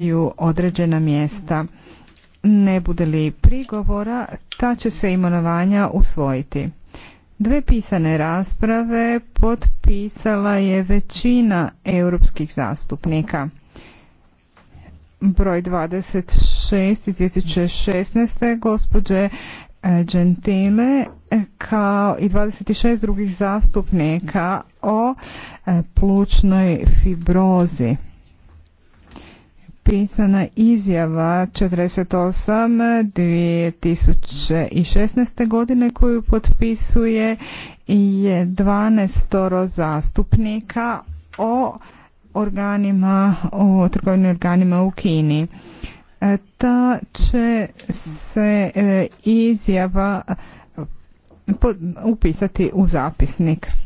u određena mjesta. Ne bude li prigovora, ta će se imenovanja usvojiti. Dve pisane rasprave potpisala je većina europskih zastupnika. Broj 26 iz 2016. gospođe e, Gentile e, kao i 26 drugih zastupnika o e, plučnoj fibrozi pisana izjava 48 2016. godine koju potpisuje 12 zastupnika o organima, o trgovini organima u Kini. E, ta će se e, izjava upisati u zapisnik.